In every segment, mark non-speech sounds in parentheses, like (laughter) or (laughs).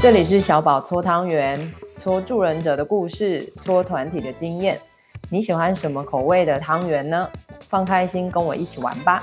這裡是小寶搓湯圓、搓助人者的故事、搓團體的經驗。你喜歡什麼口味的湯圓呢？放開心，跟我一起玩吧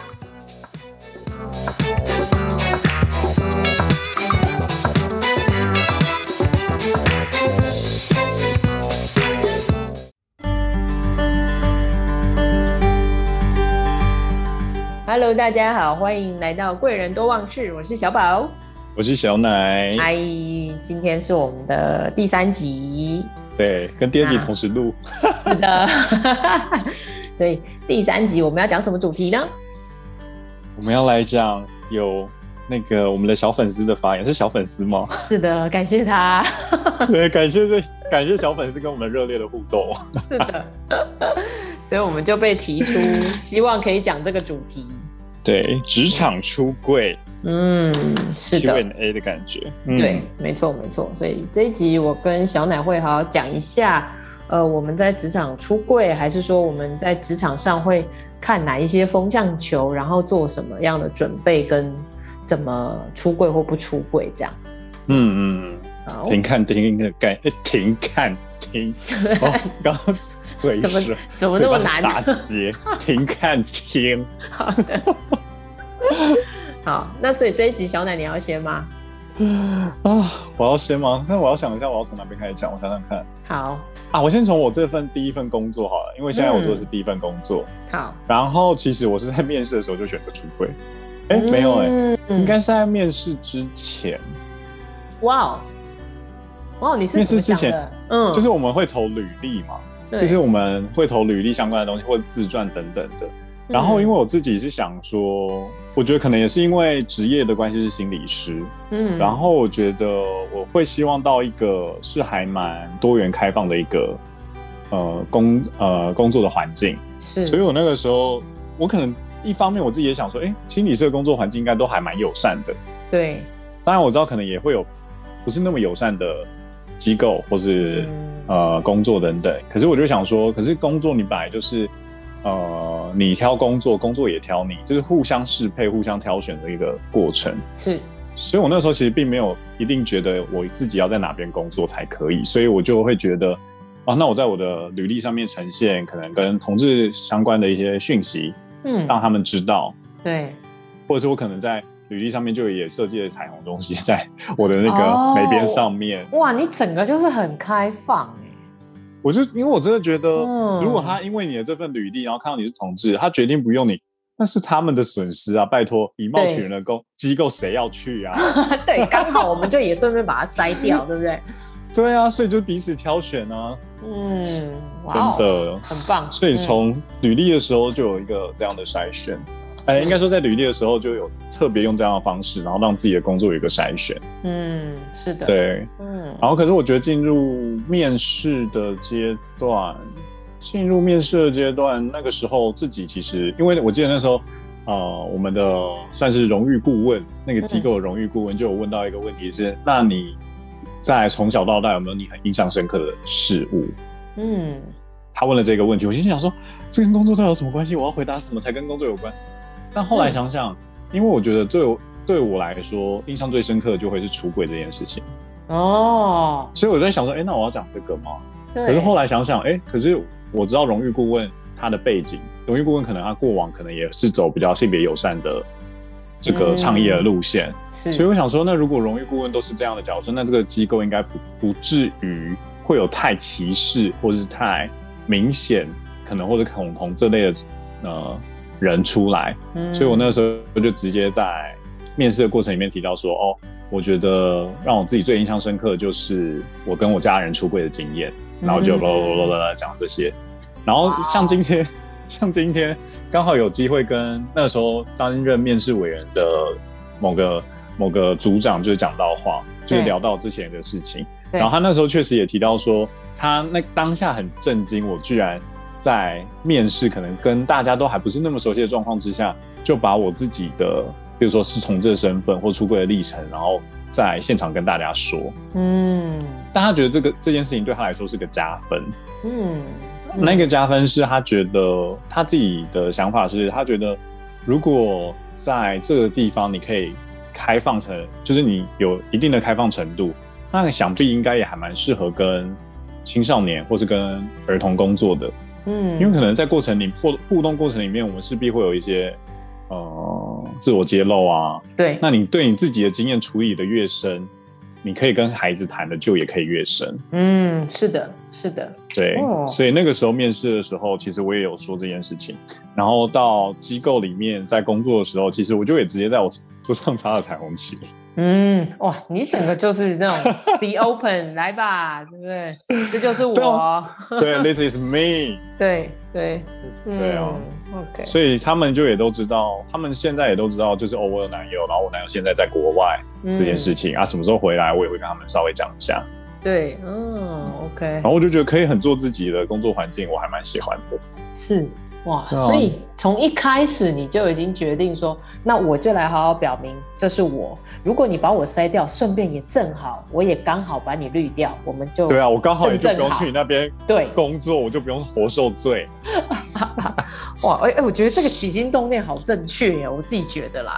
！Hello，大家好，歡迎來到櫃人多妄事，我是小寶。我是小乃。嗨，Hi, 今天是我們的第三集，對，跟第二集同時錄，啊，是的， (laughs) 所以第三集我們要講什麼主題呢？我們要來講有那個我們的小粉絲的發言，是小粉絲嗎？是的，感謝他， (laughs) 對，感謝這感謝小粉絲跟我們熱烈的互動， (laughs) 是的，所以我們就被提出希望可以講這個主題，對，職場出櫃。嗯，是的。Q&A 的感覺，對，嗯、沒錯，沒錯。所以這一集我跟小乃會好好講一下，呃，我們在職場出櫃，還是說我們在職場上會看哪一些風向球，然後做什麼樣的準備，跟怎麼出櫃或不出櫃這樣。嗯嗯，好停看停的感，停看停。剛嘴 (laughs) 怎麼怎麼這麼難這？停看停。聽 (laughs) 的 (laughs) 好，那所以這一集小奶你要先嗎？啊、哦，我要先嗎？那我要想一下，我要從哪邊開始講？我想想看。好啊，我先從我這份第一份工作好了，因為現在我做的是第一份工作。嗯、好。然後其實我是在面試的時候就選擇出櫃。哎、欸，嗯、沒有哎、欸，嗯、應該是在面試之前。哇哦、wow，哇哦，你是面試之前？嗯，就是我們會投履歷嘛，對就是我們會投履歷相關的東西，或者自傳等等的。然後因為我自己是想說。我覺得可能也是因為職業的關係，是心理師，嗯，嗯，然後我覺得我會希望到一個是還蠻多元開放的一個呃工、呃工作的環境，是，所以我那個時候，我可能一方面我自己也想說，哎、欸，心理師的工作環境應該都還蠻友善的，對，當然我知道可能也會有不是那麼友善的機構或是，嗯、呃工作等等，可是我就想說，可是工作你本來就是。呃，你挑工作，工作也挑你，就是互相適配、互相挑選的一個過程。是，所以我那時候其實並沒有一定覺得我自己要在哪邊工作才可以，所以我就會覺得，啊，那我在我的履歷上面呈現可能跟同志相關的一些訊息，嗯，讓他們知道。對。或者是我可能在履歷上面就也設計了彩虹東西，在我的那個每邊上面、哦。哇，你整個就是很開放。我就因為我真的覺得，如果他因為你的這份履歷，然後看到你是同志，嗯、他決定不用你，那是他們的損失啊！拜託，以貌取人的公機對構誰要去啊？ (laughs) 對，剛好我們就也順便把它篩掉， (laughs) 對不對？對啊，所以就彼此挑選呢、啊。嗯，真的、哦、很棒，所以從履歷的時候就有一個這樣的篩選。嗯嗯哎、欸，應該說在履歷的時候就有特別用這樣的方式，然後讓自己的工作有一個篩選。嗯，是的，對，嗯。然後，可是我覺得進入面試的階段，進入面試的階段，那個時候自己其實，因為我記得那時候，呃，我們的算是榮譽顧問，那個機構的榮譽顧問就有問到一個問題是，對那你在從小到大有沒有你很印象深刻的事物？嗯，他問了這個問題，我心想說，這跟工作到底有什麼關係？我要回答什麼才跟工作有關？但後來想想，是因為我覺得對我對我來說印象最深刻的就會是出櫃這件事情哦，所以我在想說，哎、欸，那我要講這個嗎？對。可是後來想想，哎、欸，可是我知道榮譽顧問他的背景，榮譽顧問可能他過往可能也是走比較性別友善的這個創業的路線，是、嗯。所以我想說，是那如果榮譽顧問都是這樣的角色，那這個機構應該不不至於會有太歧視或是太明顯可能或者恐同這類的，呃。人出來，所以我那時候我就直接在面試的過程裡面提到說，嗯、哦，我覺得讓我自己最印象深刻的就是我跟我家人出櫃的經驗，嗯嗯，然後就囉囉講這些，然後像今天，Wow. 像今天剛好有機會跟那個時候擔任面試委員的某個某個組長就是講到話，對就是聊到之前的事情，對然後他那時候確實也提到說，他那當下很震驚，我居然。在面試可能跟大家都還不是那麼熟悉的狀況之下，就把我自己的，比如說是從這個身份、或出櫃的歷程，然後在現場跟大家說，嗯，但他覺得這個這件事情對他來說是個加分，嗯，嗯，那個加分是他覺得他自己的想法是他覺得如果在這個地方你可以開放成，就是你有一定的開放程度，那想必應該也還蠻適合跟青少年或是跟兒童工作的。嗯，因為可能在過程裡互互動過程裡面，我們勢必會有一些呃自我揭露啊。對，那你對你自己的經驗處理的越深，你可以跟孩子談的就也可以越深。嗯，是的，是的。對，哦，所以那個時候面試的時候，其實我也有說這件事情。然後到機構裡面在工作的時候，其實我就也直接在我。桌上插了彩虹旗。嗯，哇，你整個就是那種 (laughs) be open， (laughs) 來吧，對不對？這就是我。對 (laughs) ，this is me 對。對對對、哦、啊、嗯。OK。所以他們就也都知道，他們現在也都知道，就是、哦、我有男友，然後我男友現在在國外這件事情、嗯、啊，什麼時候回來，我也會跟他們稍微講一下。對，嗯、哦、OK。然後我就覺得可以很做自己的工作環境，我還蠻喜歡的。是。哇，所以從一開始你就已經決定說，那我就來好好表明這是我。如果你把我篩掉，順便也正好，我也剛好把你濾掉，我們就正正好，對啊，我剛好也就不用去你那邊對工作，對我就不用活受罪。 (laughs) 哇，哎、欸、哎，我覺得這個起心動念好正確呀，我自己覺得啦，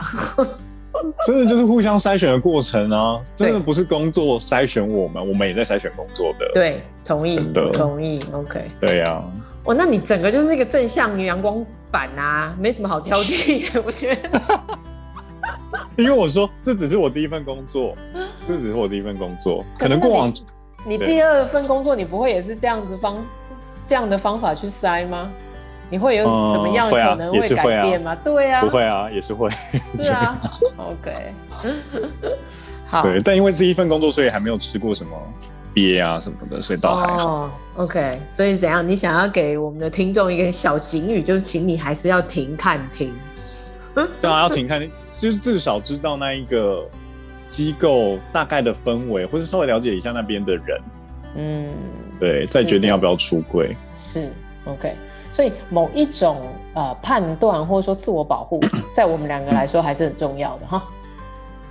(laughs) 真的就是互相篩選的過程啊，真的不是工作篩選我們，對我們也在篩選工作的，對。同意，同意，OK，對呀，哦，那你整個就是一個正向陽光版啊，沒什麼好挑剔，我覺得。因為我說這只是我第一份工作，這只是我第一份工作，可能過往你第二份工作你不會也是這樣子方這樣的方法去塞嗎？你會有什麼樣可能會改變嗎？對呀，不會啊，也是會。對啊，OK，好。對，但因為這一份工作，所以還沒有吃過什麼。憋啊什麼的，所以倒還好。Oh, OK，所以怎樣？你想要給我們的聽眾一個小警語，就是請你還是要停看聽。 (laughs) (laughs) 對啊，要停看，就至少知道那一個機構大概的氛圍，或是稍微了解一下那邊的人。嗯，對，的再決定要不要出櫃。是 OK，所以某一種呃判斷，或者說自我保護， (coughs) 在我們兩個來說還是很重要的哈。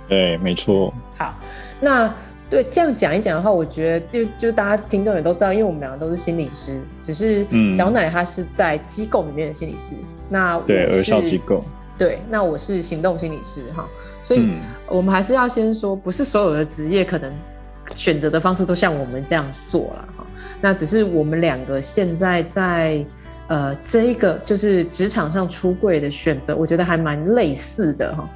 對，沒錯。好，那。對，這樣講一講的話，我覺得就就大家聽眾也都知道，因為我們兩個都是心理師，只是小乃她是在機構裡面的心理師，嗯、那我是對，兒少機構，對，那我是行動心理師哈，所以我們還是要先說，不是所有的職業可能選擇的方式都像我們這樣做了哈，那只是我們兩個現在在呃這一個就是職場上出櫃的選擇，我覺得還蠻類似的哈。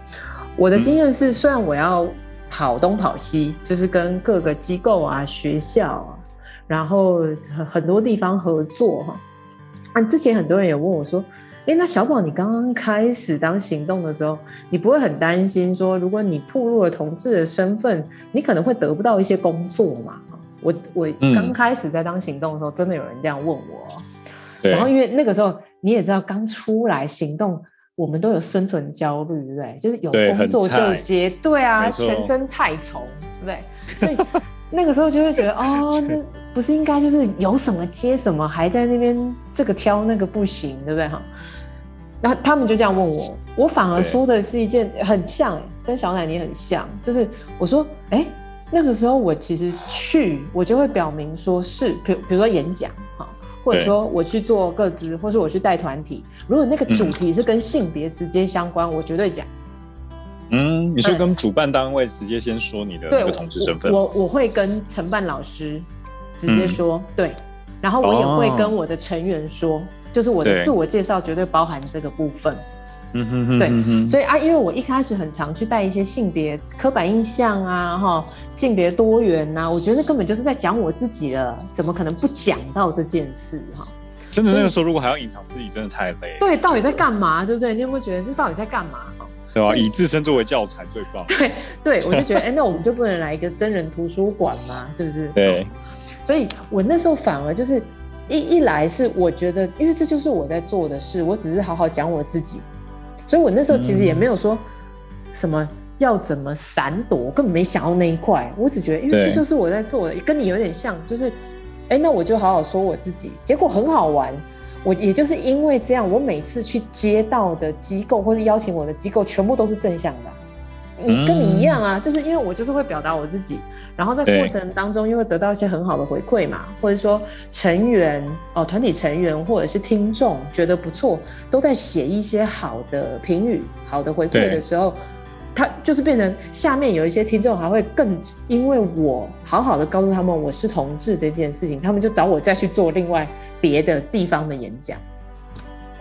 我的經驗是，嗯、雖然我要。跑東跑西，就是跟各個機構啊、學校啊，然後很多地方合作哈、啊。之前很多人也問我說：“哎，那小寶，你剛剛開始當行動的時候，你不會很擔心說，如果你暴露了同志的身份，你可能會得不到一些工作嘛？”我我剛開始在當行動的時候，嗯、真的有人這樣問我。對然後因為那個時候你也知道，剛出來行動。我們都有生存焦慮，對，對就是有工作就接，對，對啊，錯全身菜蟲，對不對？錯所以那個時候就會覺得， (laughs) 哦，那不是應該就是有什麼接什麼，還在那邊這個挑那個不行，對不對哈？那他們就這樣問我，我反而說的是一件很像，對跟小乃你很像，就是我說，哎，那個時候我其實去，我就會表明說是，比比如說演講哈。對或者說我去做個資，或是我去帶團體。如果那個主題是跟性別直接相關，嗯、我絕對講。嗯，你是，是跟主辦單位直接先說你的那個同志身份？對，我我，我會跟承辦老師直接說，嗯、對。然後我也會跟我的成員說，哦、就是我的自我介紹絕對包含這個部分。嗯哼哼， (music) 對，所以啊，因為我一開始很常去帶一些性別刻板印象啊，哈，性別多元吶、啊，我覺得那根本就是在講我自己了，怎麼可能不講到這件事哈？真的以那個時候如果還要隱藏自己，真的太累了。對，就是、到底在幹嘛？對不對？你有沒有覺得這到底在幹嘛？對啊，以，以自身作為教材最棒。對對，我就覺得，哎、 (laughs) 欸，那我們就不能來一個真人圖書館嗎？是不是？對。所以我那時候反而就是一一來是我覺得，因為這就是我在做的事，我只是好好講我自己。所以，我那時候其實也沒有說什麼要怎麼閃躲，我根本沒想到那一塊。我只覺得，因為這就是我在做的，對跟你有點像，就是，哎、欸，那我就好好說我自己。結果很好玩，我也就是因為這樣，我每次去接到的機構或是邀請我的機構，全部都是正向的。你跟你一樣啊，嗯、就是因為我就是會表達我自己，然後在過程當中又會得到一些很好的回饋嘛，對或者說成員哦，團體成員或者是聽眾覺得不錯，都在寫一些好的評語、好的回饋的時候，對他就是變成下面有一些聽眾還會更，因為我好好的告訴他們我是同志這件事情，他們就找我再去做另外別的地方的演講。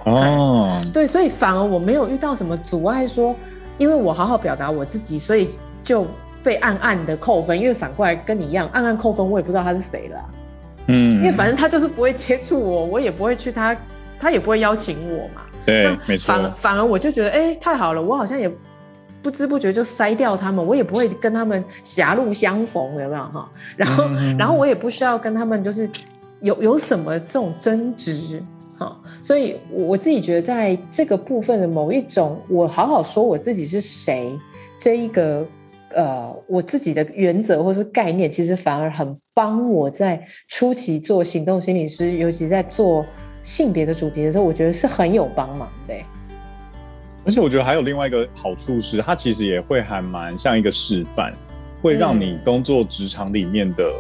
哦、嗯，對，所以反而我沒有遇到什麼阻礙說。因為我好好表達我自己，所以就被暗暗的扣分。因為反過來跟你一樣暗暗扣分，我也不知道他是誰了。嗯，因為反正他就是不會接觸我，我也不會去他，他也不會邀請我嘛。對，那反，沒錯。反而我就覺得，欸，太好了，我好像也不知不覺就篩掉他們，我也不會跟他們狹路相逢了，有沒有哈。然後，嗯，然後我也不需要跟他們就是有有什麼這種爭執。好，所以我自己覺得，在這個部分的某一種，我好好說我自己是誰，這一個呃，我自己的原則或是概念，其實反而很幫我在初期做行動心理師，尤其在做性別的主題的時候，我覺得是很有幫忙的欸。而且我覺得還有另外一個好處是，它其實也會還蠻像一個示範，會讓你工作職場裡面的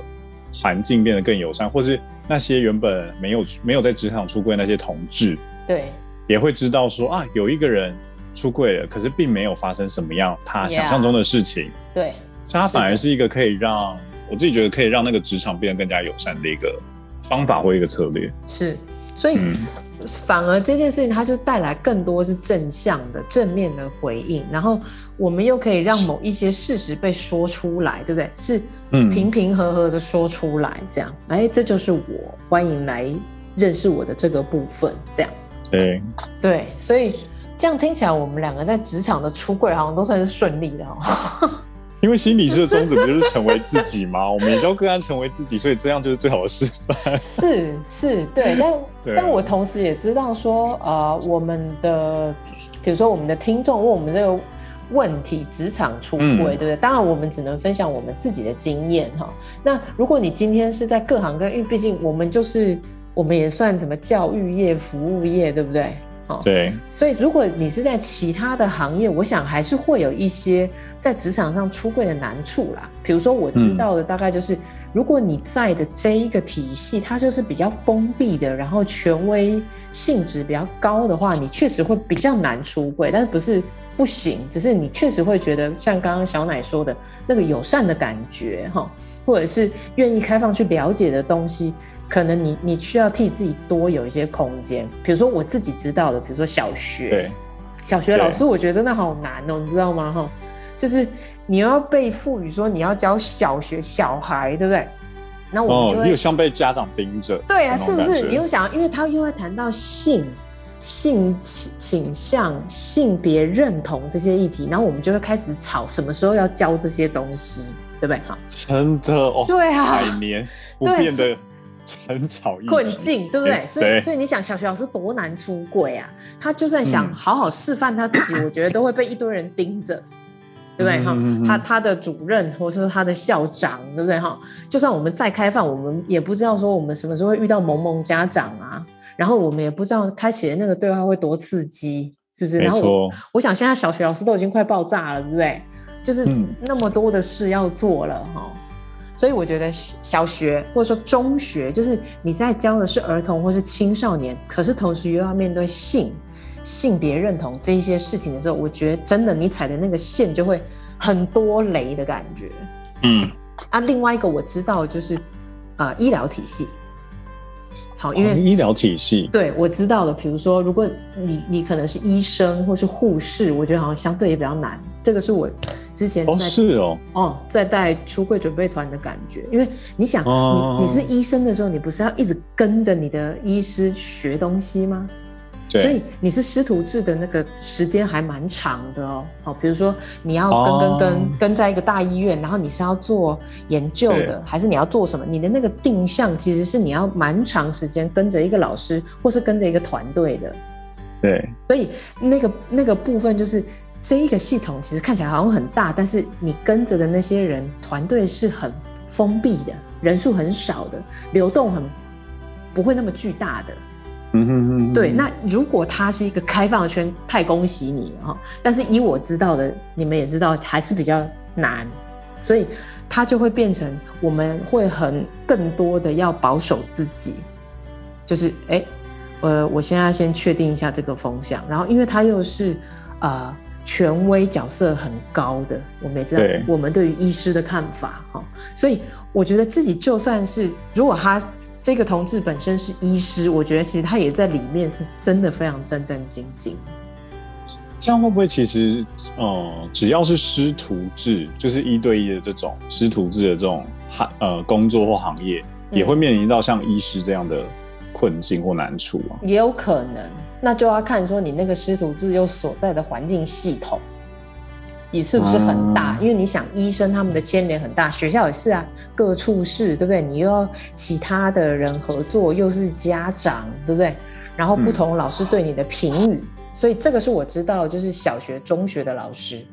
環境變得更友善，或是。那些原本沒有沒有在職場出櫃那些同志，對，也會知道說啊，有一個人出櫃了，可是並沒有發生什麼樣他想象中的事情，yeah、對，所以他反而是一個可以讓的我自己覺得可以讓那個職場變得更加友善的一個方法或一個策略，是。所以，反而這件事情，它就帶來更多是正向的、正面的回應。然後，我們又可以讓某一些事實被說出來，對不對？是平平和和和的說出來，這樣。哎、欸，這就是我歡迎來認識我的這個部分。這樣，對對，所以這樣聽起來，我們兩個在職場的出櫃好像都算是順利的哦。 (laughs) 因為心理師的宗旨不就是成為自己嗎？ (laughs) 我們要個案成為自己，所以這樣就是最好的示範。是是，對。但對但我同時也知道說，呃，我們的比如說我們的聽眾問我們這個問題，職場出櫃，嗯、對不對？當然，我們只能分享我們自己的經驗哈。那如果你今天是在各行各業，因為畢竟我們就是我們也算怎麼教育業、服務業，對不對？對，所以如果你是在其他的行業，我想還是會有一些在職場上出櫃的難處啦。比如說我知道的，大概就是、嗯、如果你在的這一個體系，它就是比較封閉的，然後權威性質比較高的話，你確實會比較難出櫃，但是不是不行，只是你確實會覺得像剛剛小奶說的那個友善的感覺，或者是願意開放去了解的東西。可能你你需要替自己多有一些空間，比如說我自己知道的，比如說小學，對小學老師，我覺得真的好難哦、喔，對你知道嗎？哈，就是你又要被賦予說你要教小學小孩，對不對？那我們就會哦，又像被家長盯着，對啊，是不是？你有想，因為他又要談到性性傾向、性別認同這些議題，然後我們就會開始吵什麼時候要教這些東西，對不對？好，真的哦，對啊，百年，不變的對。很吵，困境，對不對？欸、對，所以，所以你想，小學老師多難出櫃啊？他就算想好好示範他自己，嗯、我覺得都會被一堆人盯着，嗯、對不對？哈、嗯，他他的主任或者說他的校長，對不對？哈，就算我們再開放，我們也不知道說我們什麼時候會遇到某某家長啊，然後我們也不知道開啟的那個對話會多刺激，是不是？沒錯。然後我，我想現在小學老師都已經快爆炸了，對不對？就是那麼多的事要做了，哈、嗯。哦所以我覺得小學或者說中學，就是你在教的是兒童或是青少年，可是同時又要面對性、性別認同這一些事情的時候，我覺得真的你踩的那個線就會很多雷的感覺。嗯，啊，另外一個我知道就是啊、呃、醫療體系，好，因為、哦、醫療體系。對，我知道了，比如說如果你你可能是醫生或是護士，我覺得好像相對也比較難。這個是我之前哦是哦，哦在帶出櫃準備團的感覺，因為你想，嗯、你你是醫生的時候，你不是要一直跟着你的醫師學東西嗎？對，所以你是師徒制的那個時間還蠻長的哦。好，比如說你要跟跟跟、嗯、跟在一個大醫院，然後你是要做研究的，對還是你要做什麼？你的那個定向其實是你要蠻長時間跟着一個老師，或是跟着一個團隊的。對，所以那個那個部分就是。這一個系統其實看起來好像很大，但是你跟着的那些人團隊是很封閉的，人數很少的，流動很不會那麼巨大的。嗯嗯嗯。對，那如果它是一個開放圈，太恭喜你了哈！但是以我知道的，你們也知道，還是比較難，所以它就會變成我們會很更多的要保守自己，就是哎，呃，我現在先確定一下這個風向，然後因為它又是呃。權威角色很高的，我們也知道對我們對於醫師的看法哈，所以我覺得自己就算是，如果他這個同志本身是醫師，我覺得其實他也在裡面是真的非常戰戰兢兢。這樣會不會其實哦、呃，只要是師徒制，就是一對一的這種師徒制的這種行呃工作或行業，也會面臨到像醫師這樣的困境或難處啊？嗯、也有可能。那就要看說你那個師徒制又所在的環境系統，你是不是很大？因為你想醫生他們的牽連很大，學校也是啊，各處室對不對？你又要其他的人合作，又是家長對不對？然後不同老師對你的評語，嗯、所以這個是我知道，就是小學、中學的老師，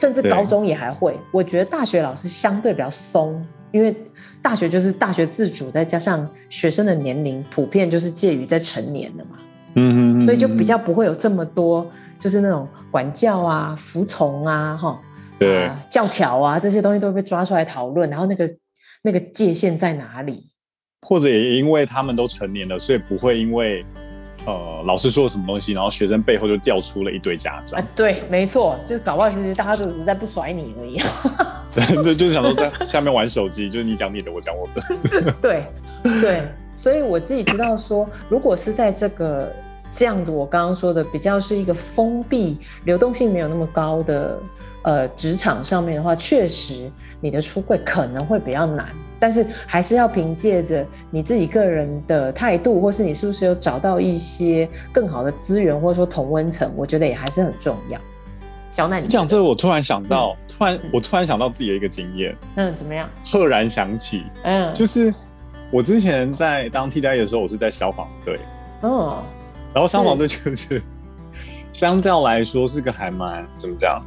甚至高中也還會。對我覺得大學老師相對比較鬆，因為大學就是大學自主，再加上學生的年齡普遍就是介於在成年的嘛。嗯嗯， (music) 所以就比較不會有這麼多，就是那種管教啊、服從啊、吼，對，啊、教條啊這些東西都會被抓出來討論，然後那個那個界限在哪裡？或者也因為他們都成年了，所以不會因為呃老師說了什麼東西，然後學生背後就掉出了一堆家長。啊、對，沒錯，就是搞不好其實大家就只是在不甩你而已。對， (laughs) (laughs) 就是想說在下面玩手機，就是你講你的，我講我的。對 (laughs) 對。對所以我自己知道說，如果是在這個這樣子，我剛剛說的比較是一個封閉、流動性沒有那麼高的呃職場上面的話，確實你的出櫃可能會比較難。但是還是要憑借着你自己個人的態度，或是你是不是有找到一些更好的資源，或者說同溫層，我覺得也還是很重要。小乃，你講這個這，我突然想到，嗯嗯、突然我突然想到自己的一個經驗，嗯，怎麼樣？赫然想起，嗯，就是。我之前在當替代的時候，我是在消防隊，嗯，然後消防隊就是，是，相較來說是個還蠻怎麼講，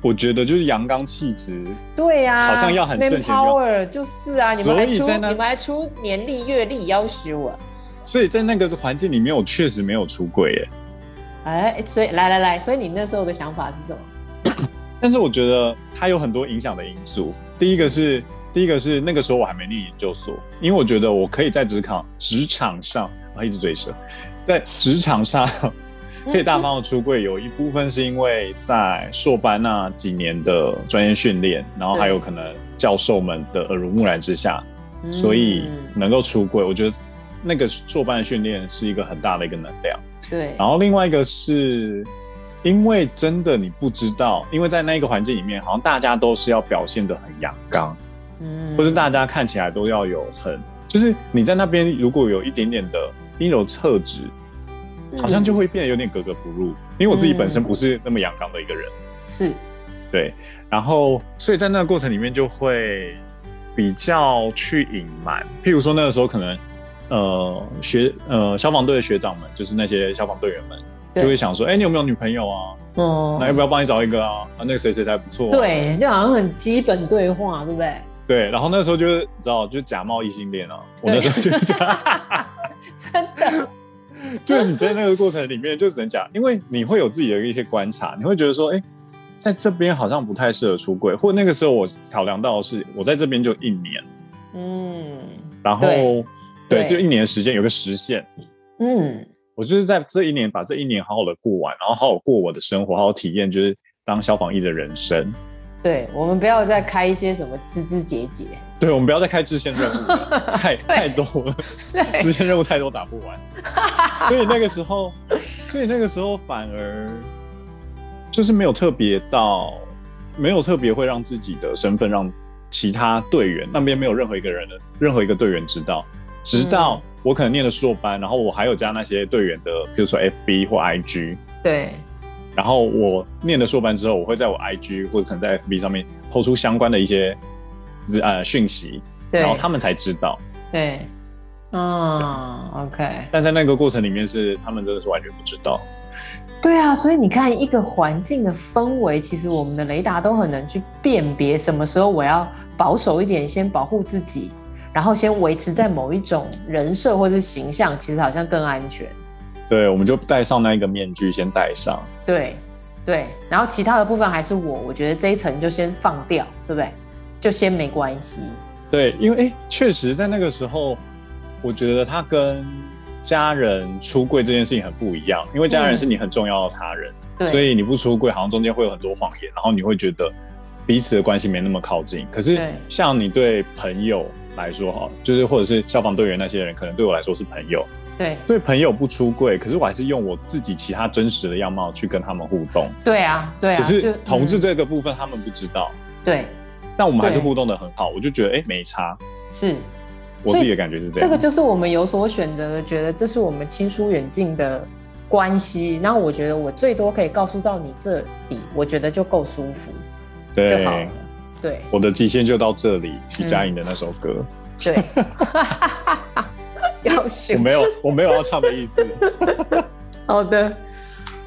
我覺得就是陽剛氣質，對呀，好像要很聖賢，就是啊，你們還出，你們還出年曆月曆要挾我，所以在那個環境裡面，我確實沒有出櫃，哎，所以，所以來來來，所以你那時候的想法是什麼？咳咳但是我覺得它有很多影響的因素，第一個是。第一個是那個時候我還沒念研究所，因為我覺得我可以在職場、職場上啊一直嘴舌，在職場上可以大方的出櫃。嗯嗯，有一部分是因為在碩班那幾年的專業訓練，然後還有可能教授們的耳濡目染之下，嗯、所以能夠出櫃。我覺得那個碩班的訓練是一個很大的一個能量。對。然後另外一個是，因為真的你不知道，因為在那一個環境裡面，好像大家都是要表現得很陽剛。或者大家看起來都要有很，就是你在那邊如果有一點點的陰柔特質，好像就會變得有點格格不入。嗯、因為我自己本身不是那麼陽剛的一個人，是，對。然後所以在那個過程裡面就會比較去隱瞞。譬如說那個時候可能呃學呃消防隊的學長們，就是那些消防隊員們就會想說，哎對、欸，你有沒有女朋友啊？哦、嗯。那要不要幫你找一個啊？那個、誰誰啊，那個誰誰還不錯，對，就好像很基本對話，對不對？對，然後那時候就是你知道，就假冒異性戀啊。對我那時候就這樣， (laughs) 真的。就是你在那個過程裡面，就只能假，因為你會有自己的一些觀察，你會覺得說，哎，在這邊好像不太適合出櫃，或者那個時候我考量到的是，我在這邊就一年，嗯，然後對，對對，就一年的時間有個時限，嗯，我就是在這一年把這一年好好的過完，然後好好過我的生活，好好體驗，就是當消防員的人生。對，我們不要再開一些什麼枝枝節節。對，我們不要再開支線任務了，太 (laughs) 對太多了，支對線任務太多打不完。 (laughs) 所以那個時候，所以那個時候反而就是沒有特別到，沒有特別會讓自己的身份讓其他隊員那邊沒有任何一個人的任何一個隊員知道，直到我可能念了碩班，然後我還有加那些隊員的，比如說 FB 或 IG。對。然後我念了碩班之後，我會在我 IG 或者可能在 FB 上面投出相關的一些呃訊息，對然後他們才知道。對，嗯、哦、對，OK。但在那個過程裡面是他們真的是完全不知道。對啊，所以你看一個環境的氛圍，其實我們的雷達都很能去辨別什麼時候我要保守一點，先保護自己，然後先維持在某一種人設或是形象，其實好像更安全。對，我們就戴上那一個面具，先戴上。對，對，然後其他的部分還是我，我覺得這一層就先放掉，對不對？就先沒關係。對，因為哎，確實在那個時候，我覺得他跟家人出櫃這件事情很不一樣，因為家人是你很重要的他人，對、嗯。所以你不出櫃，好像中間會有很多謊言，然後你會覺得彼此的關係沒那麼靠近。可是像你對朋友來說哈，就是或者是消防隊員那些人，可能對我來說是朋友。對，對朋友不出櫃，可是我還是用我自己其他真實的樣貌去跟他們互動。對啊，對啊。只是同志這個部分他們不知道。嗯、知道對。但我們還是互動得很好，對我就覺得哎、欸，沒差。是。我自己的感覺是這樣。這個就是我們有所選擇的，覺得這是我們親疏遠近的關係。那我覺得我最多可以告訴到你這裡，我覺得就夠舒服。對。對。我的極限就到這裡。徐佳瑩的那首歌。嗯、對。 (laughs) 要選，我沒有，我沒有要唱的意思。 (laughs) (laughs) 好的，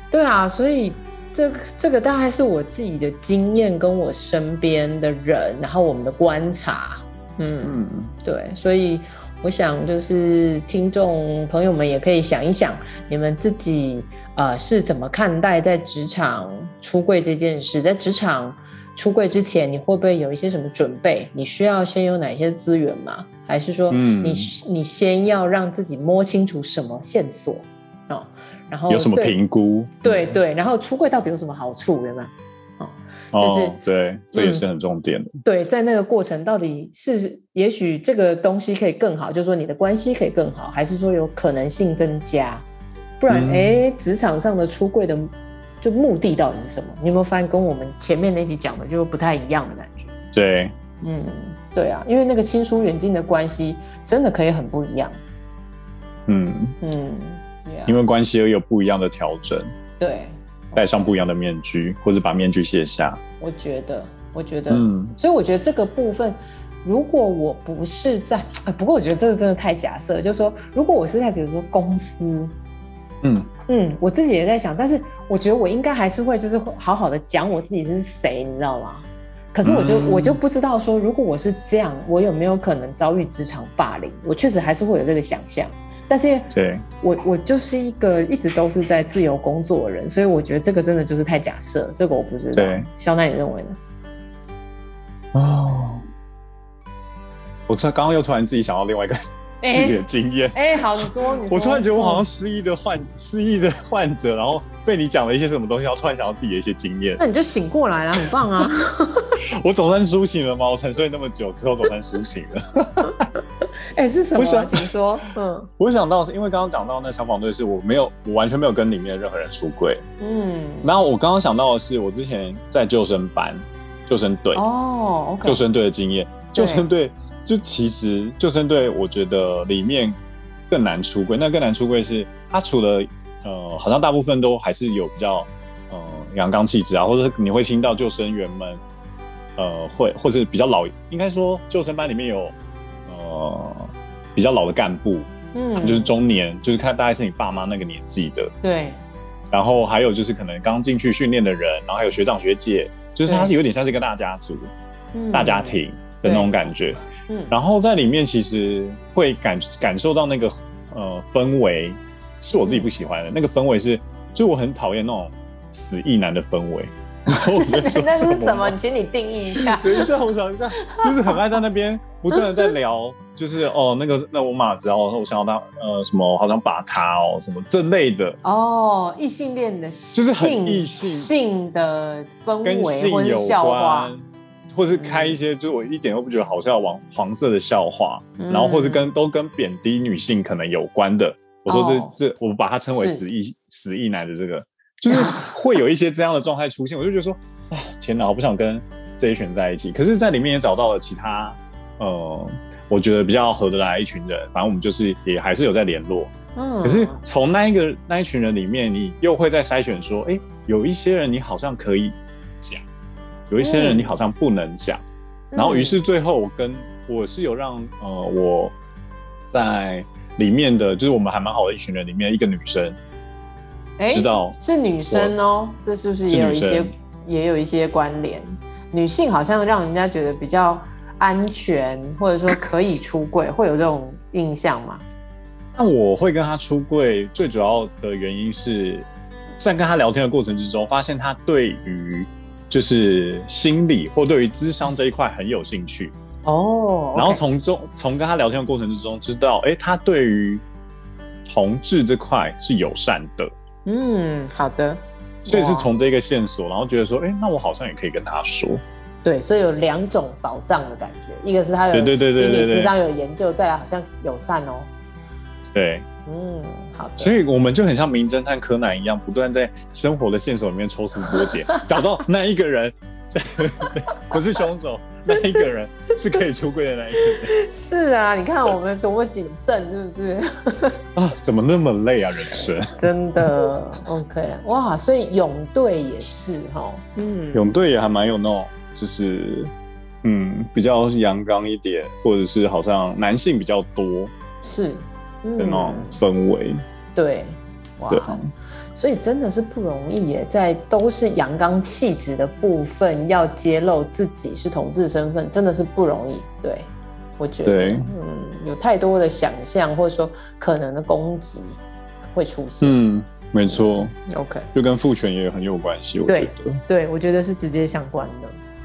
對啊，所以這這個大概是我自己的經驗，跟我身邊的人，然後我們的觀察，嗯嗯對，所以我想就是聽眾朋友們也可以想一想，你們自己啊、呃、是怎麼看待在職場出櫃這件事，在職場。出櫃之前，你會不會有一些什麼準備？你需要先有哪些資源嗎？還是說你，你、嗯、你先要讓自己摸清楚什麼線索哦，然後有什麼評估？對對，對嗯、然後出櫃到底有什麼好處對嗎？哦，就是、哦、對，嗯、這也是很重點的。對，在那個過程，到底是也許這個東西可以更好，就是說你的關係可以更好，還是說有可能性增加？不然，嗯、誒，職場上的出櫃的。就目的到底是什麼？你有沒有發現跟我們前面那集講的就不太一樣的感覺？對，嗯，對啊，因為那個親疏遠近的關係，真的可以很不一樣。嗯嗯，嗯 yeah. 因為關係又有不一樣的調整。對，戴上不一樣的面具，Okay. 或是把面具卸下。我覺得，我覺得，嗯，所以我覺得這個部分，如果我不是在，不過我覺得這個真的太假設，就是說，如果我是在，比如說公司。嗯嗯，我自己也在想，但是我覺得我應該還是會就是好好的講我自己是誰，你知道嗎？可是我就、嗯、我就不知道說，如果我是這樣，我有沒有可能遭遇職場霸凌？我確實還是會有這個想象但是因為我對我，我就是一個一直都是在自由工作的人，所以我覺得這個真的就是太假設，這個我不知道。小對乃，你認為呢？哦，我這剛剛又突然自己想到另外一個欸、自己的經驗。哎、欸，好，你說，你說。我突然覺得我好像失憶的患、嗯、失憶的患者，然後被你講了一些什麼東西，然後突然想到自己的一些經驗。那你就醒過來了，很棒啊！ (laughs) 我總算蘇醒了嗎，我沉睡那麼久之後總算蘇醒了。哎、欸，是什麼、啊？請想說。嗯。我想到的是，因為剛剛講到那消防隊是我沒有，我完全沒有跟裡面任何人出櫃。嗯。然後我剛剛想到的是，我之前在救生班、救生隊。哦、okay、救生隊的經驗，對救生隊。就其實救生隊，我覺得裡面更難出櫃。那更難出櫃是，他除了呃，好像大部分都還是有比較呃陽剛氣質啊，或者是你會聽到救生員們呃會，或者是比較老，應該說救生班裡面有呃比較老的幹部，嗯，就是中年，就是看大概是你爸媽那個年紀的，對。然後還有就是可能剛進去訓練的人，然後還有學長學姐，就是他是有點像是一個大家族、對大家庭的那種感覺。嗯，然後在裡面其實會感感受到那個呃氛圍，是我自己不喜歡的。嗯、那個氛圍是，就我很討厭那種死異男的氛圍。 (laughs) 我說 (laughs) 那是什麼？請你定義一下。等一下，我想一下，就是很愛在那邊 (laughs) 不斷的在聊，就是哦，那個那我馬子哦，我想要他呃什麼，好像把他哦什麼這類的哦，異性戀的性，就是很異性性的氛圍，跟性有關。或是開一些，嗯、就是我一點都不覺得好笑，黃黃色的笑話，嗯、然後或是跟都跟貶低女性可能有關的，我說這、哦、這，我把它稱為死“是死異死異男”的這個，就是會有一些這樣的狀態出現， (laughs) 我就覺得說，啊，天哪，我不想跟這一群在一起，可是，在裡面也找到了其他，呃，我覺得比較合得來的一群人，反正我們就是也還是有在聯絡，嗯，可是從那一個那一群人裡面，你又會再篩選說，哎、欸，有一些人你好像可以。有一些人你好像不能講，嗯、然後於是最後我跟我是有讓呃，我在裡面的就是我們還蠻好的一群人裡面一個女生，欸、知道是女生哦，這是不是也有一些，也有一些關聯？女性好像讓人家覺得比較安全，或者說可以出櫃， (coughs) 會有這種印象嗎？那我會跟她出櫃，最主要的原因是在跟她聊天的過程之中，發現她對於。就是心理或對於諮商這一塊很有興趣哦，oh, okay. 然後從中從跟他聊天的過程之中知道，哎、欸，他對於同志這塊是友善的，嗯，好的，所以是從這個線索，然後覺得說，哎、欸，那我好像也可以跟他說，對，所以有兩種保障的感覺，一個是他有對對對對諮商有研究，再來好像友善哦，對，對，對，對，對，對。對嗯，好的。所以我們就很像名偵探柯南一樣，不斷在生活的線索裡面抽絲剝繭，找到那一個人 (laughs) (laughs) 不是凶手， (laughs) 那一個人是可以出櫃的那一個人。是啊，你看我們多麼謹慎， (laughs) 是不是？啊，怎麼那麼累啊， (laughs) 人生！真的，OK，哇，所以泳隊也是哈，嗯，泳隊也還蠻有那種，就是嗯，比較陽剛一點，或者是好像男性比較多，是。嗯，氛圍，對，哇，所以真的是不容易耶，在都是陽剛氣質的部分，要揭露自己是同志身份，真的是不容易。對，我覺得，嗯，有太多的想象或者說可能的攻擊會出現。嗯，沒錯。OK，就跟父權也很有關係，我覺得。對，我覺得是直接相關的。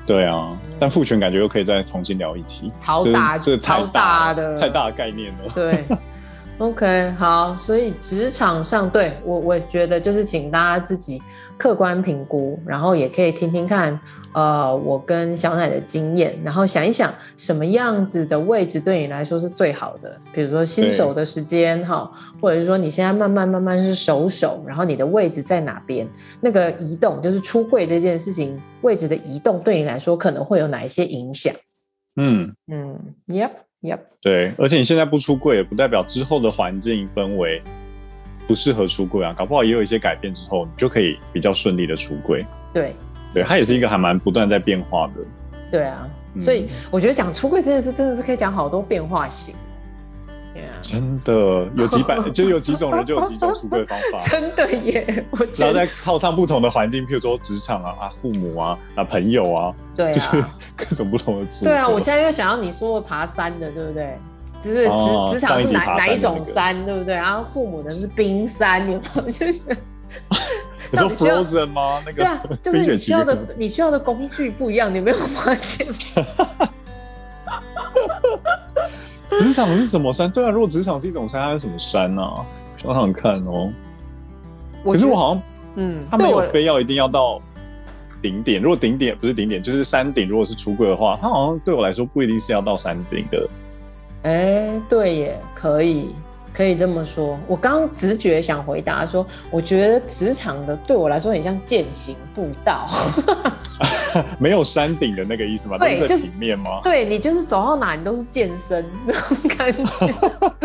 對啊，但父權感覺又可以再重新聊一題，超大這超大的太大的概念了。對。OK，好，所以職場上對，我，我覺得就是請大家自己客觀評估，然後也可以聽聽看，呃，我跟小乃的經驗，然後想一想什麼樣子的位置對你來說是最好的。比如說新手的時間哈，對或者是說你現在慢慢慢慢是熟手，然後你的位置在哪邊？那個移動就是出櫃這件事情，位置的移動對你來說可能會有哪一些影響？嗯嗯，Yep。Yep，對，而且你現在不出櫃，也不代表之後的環境氛圍不適合出櫃啊，搞不好也有一些改變之後，你就可以比較順利的出櫃。對，對，它也是一個還蠻不斷在變化的。對啊，嗯，所以我覺得講出櫃這件事，真的是可以講好多變化型。Yeah. 真的有幾百， (laughs) 就有幾種人就有幾種出櫃方法。 (laughs) 真的耶，我只要在套上不同的環境，譬如說職場啊、啊父母啊、啊朋友啊，對啊，就是各種不同的出。對啊，我現在又想要你說爬山的，對不對？就是職職場是哪、啊一那個、哪一種山，對不對？然、啊、後父母的是冰山，你有沒有發現？你、啊、說 frozen 嗎？ (laughs) 那個對啊，就是你需要的你需要的工具不一樣，你沒有發現？ (laughs) (laughs) 職 (laughs) 場是什麼山？對啊，如果職場是一種山，它是什麼山呢、啊？想想看哦。可是我好像，嗯，他沒有非要一定要到頂點。我如果頂點不是頂點，就是山頂。如果是出櫃的話，它好像對我來說不一定是要到山頂的。哎、欸，對耶，可以。可以這麼說，我剛直覺想回答說，我覺得職場的對我來說很像健行步道， (laughs) (laughs) 沒有山頂的那個意思嘛對嗎？對，就是裡面嗎？對，你就是走到哪你都是健身那種感覺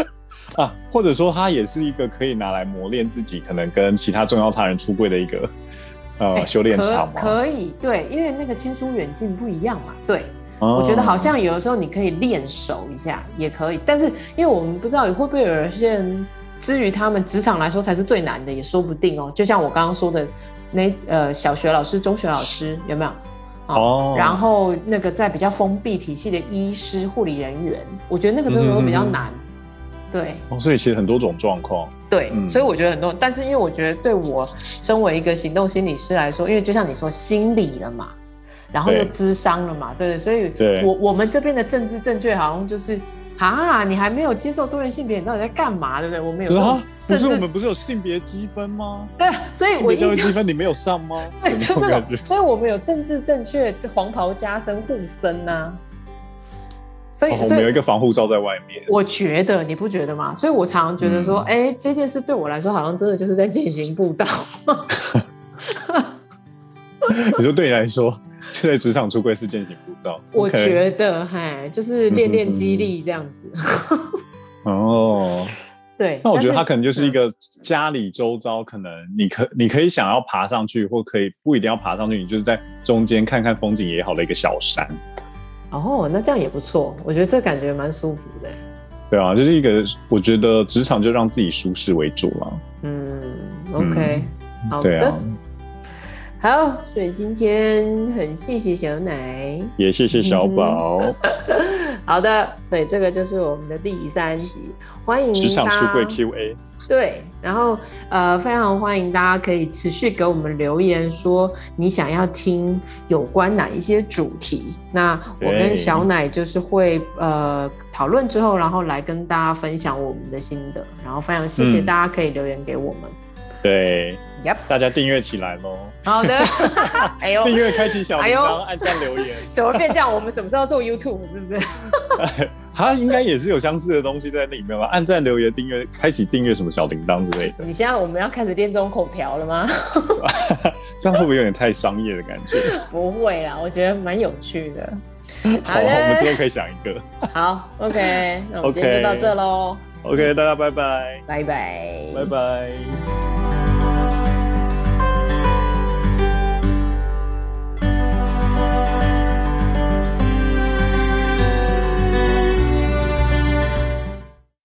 (laughs) 啊，或者說它也是一個可以拿來磨練自己，可能跟其他重要他人出櫃的一個呃、欸、修煉場嗎。可以，對，因為那個親疏遠近不一樣嘛。對。我覺得好像有的時候你可以練手一下也可以，但是因為我們不知道會不會有人些人，至於他們職場來說才是最難的，也說不定哦。就像我剛剛說的那，那呃，小學老師、中學老師有沒有？哦。哦然後那個在比較封閉體系的醫師、護理人員，我覺得那個時候都比較難。嗯、哼對、哦。所以其實很多種狀況。對，嗯、所以我覺得很多，但是因為我覺得對我身為一個行動心理師來說，因為就像你說心理了嘛。然後又諮商了嘛，對不對，對？所以我，我對我們這邊的政治正確好像就是，哈、啊、你還沒有接受多元性別，你到底在幹嘛？對不對？我們有，但、啊、是我們不是有性別積分嗎？對，所以我教育積分你沒有上嗎？對，就是，所以我們有政治正確，黃袍加身護身吶。所以，我們有一個防護罩在外面。我覺得你不覺得嗎？所以我常常覺得說，哎、嗯，這件事對我來說，好像真的就是在進行布道。你 (laughs) (laughs) 說對你來說？在職場出櫃是件，行不到，我覺得嗨 Okay，就是練練肌力這樣子。哦，對，那我覺得他可能就是一個家裡周遭，可能你可、嗯、你可以想要爬上去，或可以不一定要爬上去，你就是在中間看看風景也好的一個小山。哦，那這樣也不錯，我覺得這感覺蠻舒服的。對啊，就是一個我覺得職場就讓自己舒適為主嘛。嗯，OK，嗯好的。好，所以今天很謝謝小奶，也謝謝小寶。 (laughs) 好的，所以這個就是我們的第三集，歡迎大家。對，然後呃，非常歡迎大家可以持續給我們留言，說你想要聽有關哪一些主題。那我跟小奶就是會呃討論之後，然後來跟大家分享我們的心得。然後非常謝謝大家可以留言給我們。嗯。對。Yep. 大家訂閱起來嘍！好的，哎呦，訂閱 (laughs) 開啟小鈴鐺，哎、呦按贊留言。 (laughs) 怎麼變這樣？我們什麼時候要做 YouTube 是不是？他 (laughs) (laughs) 應該也是有相似的東西在那裡面吧？按贊留言、訂閱、開啟訂閱什麼小鈴鐺之類的。你現在我們要開始練這種口條了嗎？ (laughs) 這樣會不會有點太商業的感覺？ (laughs) 不會啦，我覺得蠻有趣的。好，的好，我們今天可以想一個。 (laughs) 好，OK，那我們今天就到這嘍。Okay. OK，大家拜拜，拜拜，拜拜。拜拜。